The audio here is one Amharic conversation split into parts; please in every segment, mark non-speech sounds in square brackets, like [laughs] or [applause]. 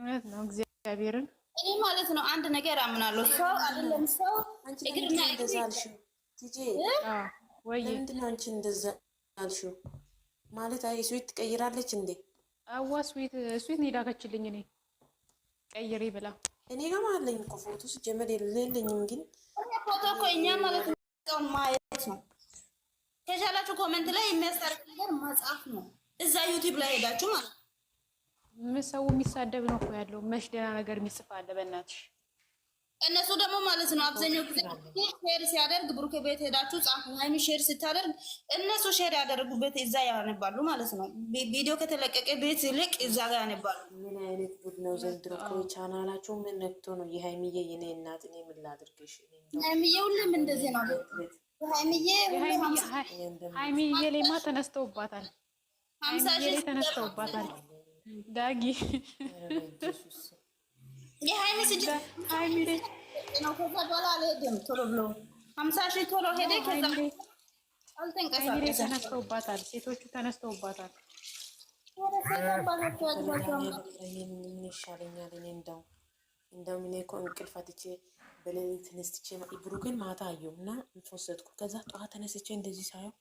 እውነት ነው። እግዚአብሔርን እኔ ማለት ነው አንድ ነገር አምናለሁ። ሰው አይደለም ሰው እግርና እግር ወይ ምንድን ነው አንቺ እንደዛ አልሽው ማለት አይ ስዊት ትቀይራለች እንዴ? አዋ ስዊት ስዊት ነው የላከችልኝ እኔ ቀይሪ ብላ እኔ ጋር አለኝ እኮ ፎቶ ስጀመር የለኝም፣ ግን ፎቶ እኮ እኛ ማለት ነው ማየት ነው። ከቻላችሁ ኮመንት ላይ የሚያስታርቅ ነገር መጻፍ ነው። እዛ ዩቲዩብ ላይ ሄዳችሁ ማለት ነው ሰው የሚሳደብ ነው እኮ ያለው። መች ደህና ነገር የሚጽፍ አለ? በእናትሽ እነሱ ደግሞ ማለት ነው አብዛኛው ጊዜ ሼር ሲያደርግ ብሩኬ ቤት ሄዳችሁ ጻፉ፣ ሀይሚ ሼር ስታደርግ እነሱ ሼር ያደረጉበት እዛ ያነባሉ ማለት ነው። ቪዲዮ ከተለቀቀ ቤት ይልቅ እዛ ጋር ያነባሉ። ምን አይነት ቡድ ነው ዘንድሮ? ቆይ ቻናላችሁ ምን ነክቶ ነው? የሀይሚዬ የኔ እናት እኔ ምን ላድርግሽ? ሀይሚዬ ሁሉም እንደዚህ ነው። ሀይሚዬ ሀይሚዬ ሌማ ተነስተውባታል። ሀይሚዬ ተነስተውባታል ዳጊ ተነስተውባታል፣ ሴቶቹ ተነስተውባታል። ይሻለኛል እኔ እንደው እንደውም እኔ እኮ እንቅልፍ አጥቼ በሌሊት ተነስቼ ብሩክን ማታ አየሁ እና ፎሰትኩ። ከዛ ጠዋት ተነስቼ እንደዚህ ሳየው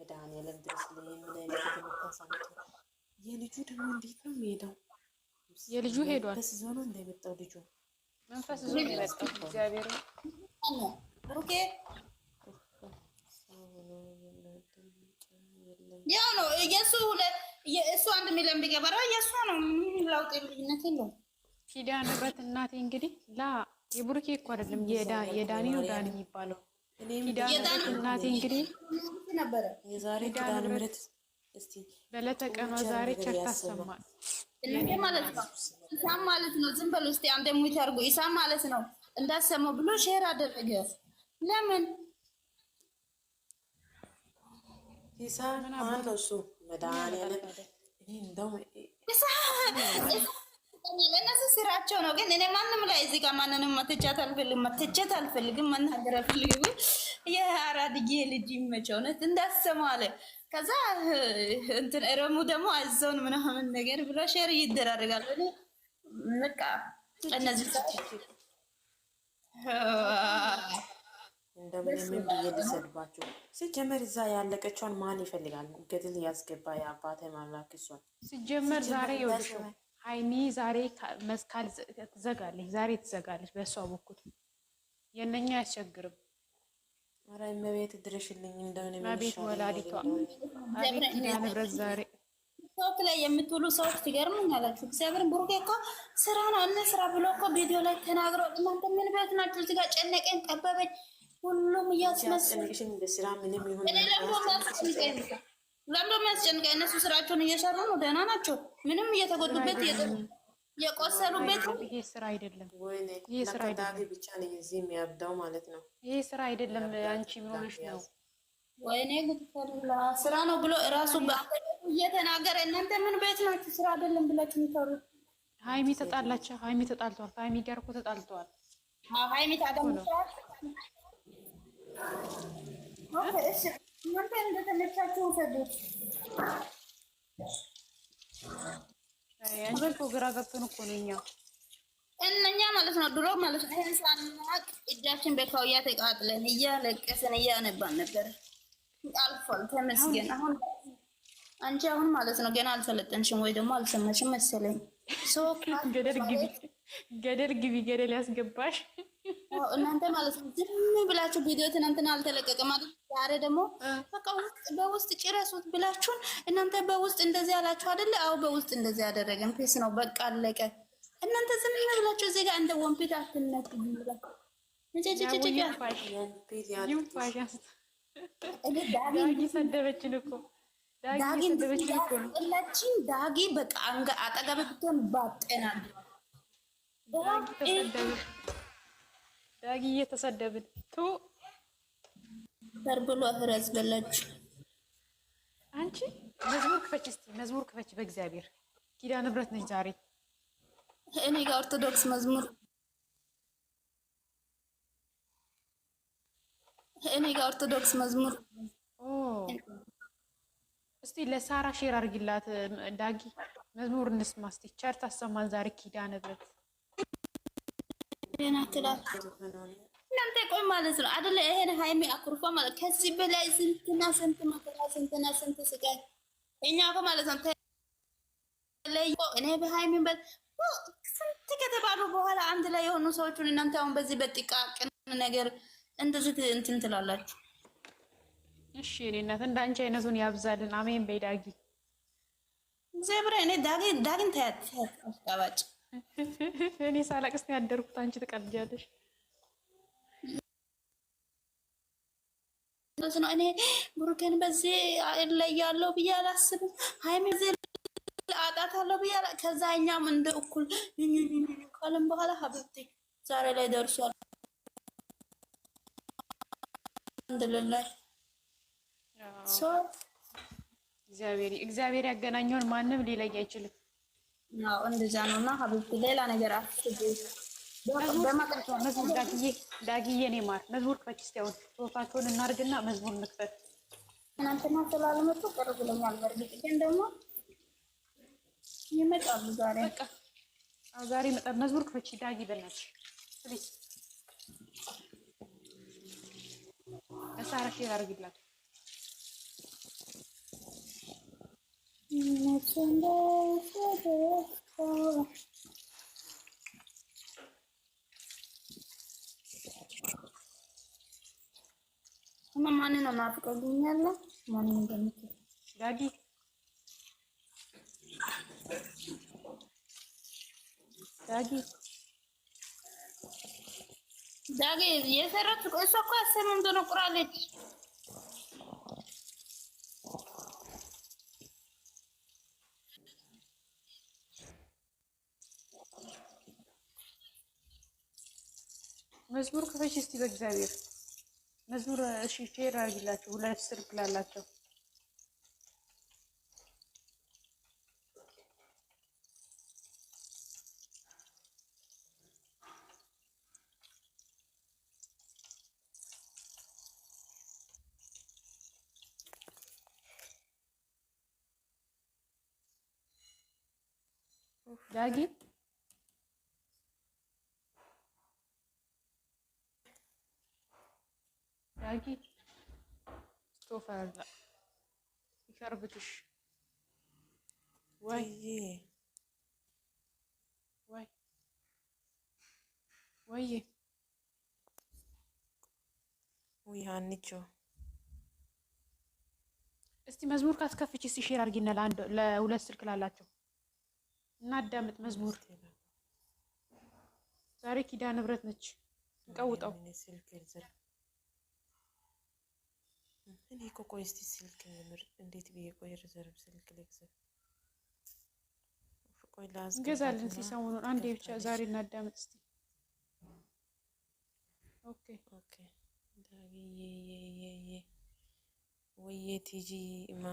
መድኃኒዓለም ድረስ ለምን አይነት የልጁ ደግሞ እንዴት ነው ሄደው የልጁ ሄዷል። መንፈስ ይዞ ነው እንደመጣው ልጁ መንፈስ ይዞ ነው የመጣው። እግዚአብሔር ኦኬ ያው ነው የእሱ እሱ አንድ ሚሊዮን ቢገበራ የእሱ ነው። ምን ለውጥ ልዩነት የለው። ኪዳነ ምሕረት እናቴ እንግዲህ ላ የቡርኬ እኮ አይደለም የዳኒ ነው ዳኒ የሚባለው ኪዳነ ምሕረት እናቴ እንግዲህ ነበረ የዛሬ ኪዳነ ምሕረት በለተቀኗ ዛሬ ቸርታሰማል ማለት ነው። ኢሳም ማለት ነው። ዝም በሉ እስኪ አንተ ሙት አድርጎ ኢሳም ማለት ነው። እንዳሰማው ብሎ ሼር አደረገ። ለምን ኢሳም ስራቸው ነው። ግን እኔ ማንም ላይ እዚህ ጋር ማንንም መተቸት አልፈልግም፣ መተቸት አልፈልግም፣ መናገር አልፈልግም። የአራድዬ ልጅ ይመቸው እንዳሰማው አለ ከዛ እንትን ረሙ ደግሞ አዘውን ምናምን ነገር ብሎ ሼር ይደራረጋል። በቃ እነዚህ እንደምንም ብዬ ልሰድባቸው። ሲጀመር እዛ ያለቀችውን ማን ይፈልጋል? ገድል ያስገባ የአባት ማምላክ እሷን ሲጀመር ዛሬ ሀይሚ ዛሬ መስካል ትዘጋለች፣ ዛሬ ትዘጋለች። በእሷ በኩል የነኛ አያስቸግርም። አራይ መቤት ድረሽልኝ እንደሆነ ወላዲቷ ዛሬ ሰዎች ላይ የምትውሉ ሰዎች ትገርሙኝ አላችሁ። ብሩኬ እኮ ስራ ነው እነ ስራ ብሎ እኮ ቪዲዮ ላይ እናንተ ምን ቤት እዚህ ጋር ጨነቀኝ፣ ጠበበኝ፣ ሁሉም ለምዶ የሚያስጨንቀኝ እነሱ ስራቸውን እየሰሩ ነው። ደህና ናቸው። ምንም እየተጎዱበት እየጠ የቆሰሉበት ይሄ ስራ አይደለም። ይህ ስራ አይደለም ብቻ ነው እዚህ የሚያብዳው ማለት ነው። ስራ አይደለም። አንቺ ምን ሆነሽ ነው? ወይኔ ስራ ነው ብሎ እራሱ እየተናገረ እናንተ ምን ቤት ናችሁ? ስራ አይደለም ብላችሁ የምታወሩት። ሀይሚ ተጣላች። ሀይሚ ተጣልተዋል። ከሀይሚ ጋር እኮ ተጣልተዋል። ሀይሚ እናንተ እንደተመቻችሁ አንቺ ግራ ገብቶን እኮ ነው እኛ እነኛ ማለት ነው ድሮ ማለት ነው ይሄን ሳናቅ እጃችን በካውያ ተቃጥለን እያለቀስን እያነባን ነበር። አልፏል ተመስገን። አሁን አንቺ አሁን ማለት ነው ገና አልሰለጠንሽም ወይ ደግሞ አልሰማሽም መሰለኝ። [laughs] ገደል ግቢ ገደል ያስገባሽ እናንተ ማለት ነው ዝም ብላችሁ ቪዲዮ ትናንትና አልተለቀቀም ማለት ዛሬ ደግሞ በቃ ውስጥ በውስጥ ጭረሱት ብላችሁን እናንተ በውስጥ እንደዚህ ያላችሁ አይደለ? አዎ በውስጥ እንደዚህ ያደረገን ፌስ ነው በቃ አለቀ። እናንተ ዝም ብላችሁ እዚህ ጋር እንደ ወንፊት አትነት ሰደበችን እኮ ዳጊ ዳጊ በቃ አጠገብ ብትሆን ባጠናል ዳጊ እየተሰደብን ቱ ተርብሎ ፍረዝ ያስበላችሁ። አንቺ መዝሙር ክፈች እስቲ መዝሙር ክፈች። በእግዚአብሔር ኪዳ ንብረት ነች ዛሬ እኔ ጋር ኦርቶዶክስ መዝሙር እኔ ጋር ኦርቶዶክስ መዝሙር እስቲ ለሳራ ሼር አድርጊላት። ዳጊ መዝሙር እንስማ እስቲ ቸርት አሰማን ዛሬ ኪዳ ንብረት እናንተ ቆይ ማለት ነው አደለ? ይሄን ሀይሚ አኩርፋ ማለት ከዚህ በላይ ስንትና ስንት መከራ ስንትና ስንት ስቃይ እኛ ኮ ማለት ነው እኔ በሀይሚ በ ስንት ከተባሉ በኋላ አንድ ላይ የሆኑ ሰዎችን እናንተ አሁን በዚህ በጥቃቅን ነገር እንደዚህ እንትን ትላላችሁ። እሺ እኔ እናት አይነቱን ያብዛልን። አሜን በይ ዳጊ ዜብረ እኔ ዳጊን ታያት አስቃባጭ እኔ ሳላቅስ ነው ያደርኩት። አንቺ ትቀልጃለሽ። እኔ ብሩኬን በዚህ እለያለሁ ብዬ አላስብም። ሀይሚ አጣታለሁ ብዬ ከዛ እኛም እንደ እኩል ካለም በኋላ ሀብቴ ዛሬ ላይ ደርሷል። አንድልላይ እግዚአብሔር ያገናኘውን ማንም ሊለይ አይችልም። እንደዛ ነው እና ሌላ ነገር አስቡ። እኔ ማር መዝሙር ክፈች እስኪ አሁን ሶፋቸውን እናድርግና መዝሙር እንክፈት። ትናንትና ስላልመጡ ቅር ብሎኛል። በእርግጥ ግን ደግሞ ይመጣሉ ዛሬ። ዛሬ ይመጣል። መዝሙር ክፈች ዳጊ እማ ማንን ነው የማፍቀውልኛለሁ? ማንን እንደምትል ዳጊ ዳጊ ዳጊ የሰራችው እሷ እኮ አስር እንደሆነ መዝሙር ክፈች እስቲ በእግዚአብሔር መዝሙር እሺ፣ ሼር አድርጊላቸው ሁለት ስርክ ላላቸው ዳጊ ዳጊ ሶፋ ይከርብትሽ ወይ ወይ ወይ ወይ ሀኒቾ እስቲ መዝሙር ካስከፍች እስቲ ሼር አድርጊና ለአንድ ለሁለት ስልክ ላላቸው እናዳምጥ መዝሙር ዛሬ ኪዳ ንብረት ነች እንቀውጠው እኔ እኮ ቆይ እስቲ ስልክ ምርጥ እንዴት ብዬ ቆይ ሪዘርቭ ስልክ ልግዛ እንገዛለን። እስቲ ሰሞኑን አንዴ ብቻ ዛሬ እናዳምጥ እስቲ። ኦኬ ኦኬ። ዳግዬ ወይዬ ቲጂ ማ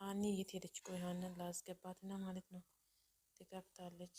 ሀኒ የት ሄደች? ቆይ ሀንን ላስገባትና ማለት ነው ትገብታለች።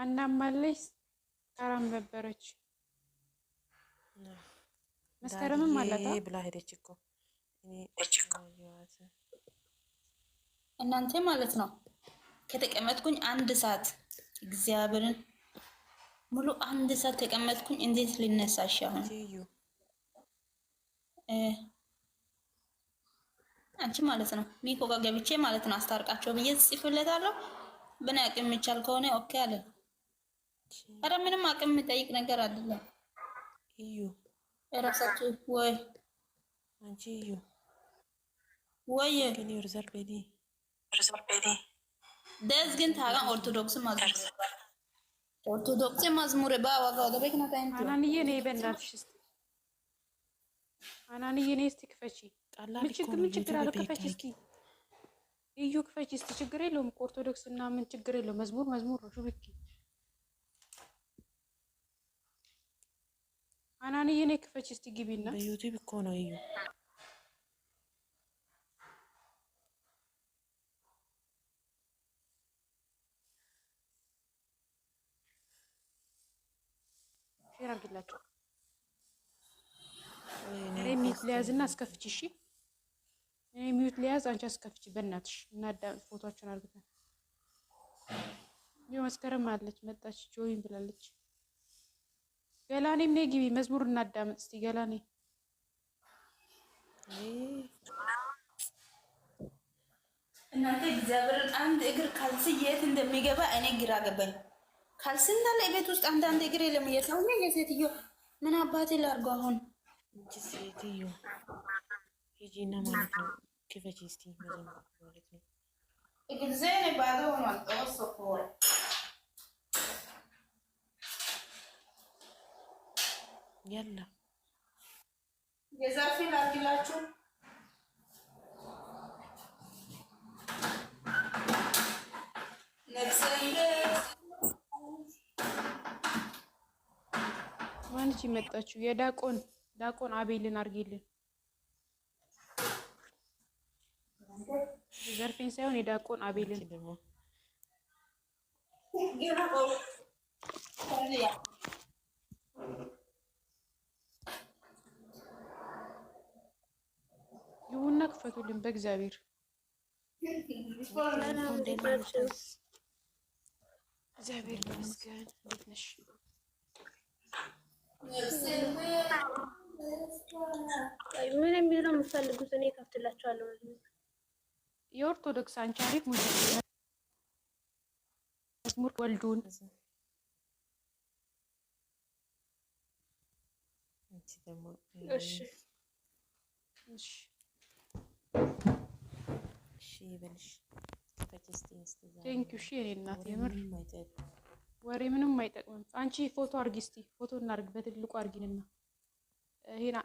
አናማለች ጣራም ነበረች መስከረምም አለታ ብላ ሄደች እኮ እናንተ ማለት ነው። ከተቀመጥኩኝ አንድ ሰዓት እግዚአብሔርን ሙሉ አንድ ሰዓት ተቀመጥኩኝ። እንዴት ልነሳሽ አሁን? አንቺ ማለት ነው ሚኮ ጋር ገብቼ ማለት ነው አስታርቃቸው ብዬ ጽፍለታለሁ። ብናቅም የሚቻል ከሆነ ኦኬ አለን። ኧረ ምንም አቅም የምጠይቅ ነገር አይደለም። እዩ እራሳችሁ ወይ አንቺ እዩ ወይ ዩኒቨርሳል ቤዲ ደስ ግን ታጋን ኦርቶዶክስ ማዝሙር ኦርቶዶክስ ማዝሙር ባዋጋ ደበክና ታንቱ አናንዬ ነይ በእናትሽ እስቲ አናንዬ ነይ እስቲ ክፈቺ ጣላ ምን ችግር ምን ክፈቺ እስቲ እዩ ክፈቺ እስቲ ችግር የለውም ኦርቶዶክስ እና ምን ችግር የለውም መዝሙር መዝሙር ነው ሹብኪ አናንዬ እኔ ክፈች እስቲ ግቢና በዩቲዩብ እኮ ነው እዩ ሼር አድርግላቸው እኔ ሚዩት ሊያዝና አስከፍች። እሺ እኔ ሚዩት ሊያዝ፣ አንቺ አስከፍች በእናትሽ። እና ፎቶአቸውን አድርግታል። ይኸው መስከረም አለች መጣች፣ ጆይን ብላለች። ገላኔም ነይ ግቢ መዝሙር እናዳምጥ እስቲ ገላኔ እናንተ እግዚአብሔርን አንድ እግር ካልሲ የት እንደሚገባ እኔ ግራ ገባኝ። ካልሲ እንዳለ ቤት ውስጥ አንዳንድ እግር የለም። እየሰው የሴትዮ ምን አባቴ ላርጎ አሁን እንጂ ሴትዮ ሂጂና ማለት ነው ክፈች እስቲ ማለት ነው እግዚአብሔር ባዶ ሆኗል። ጠወሶ ከሆነ የለም የዛፌ ላኪላችሁ ማንች የመጣችው የዳቆን ዳቆን አቤልን አድርጌልን ዘርፌን ሳይሆን የዳቆን አቤልን ክፈቱልን በእግዚአብሔር እግዚአብሔር ይመስገን። እንዴት ነሽ? ምን የሚል ነው የምትፈልጉት? እኔ ከፍትላችኋለሁ። የኦርቶዶክስ አንቺ አሪፍ መዝሙር ወልዱን እሺ እሺ ወሬ ምንም አይጠቅምም። አንቺ ፎቶ አርጊ እስቲ ፎቶ እናርግ፣ በትልቁ አርጊንና ይሄና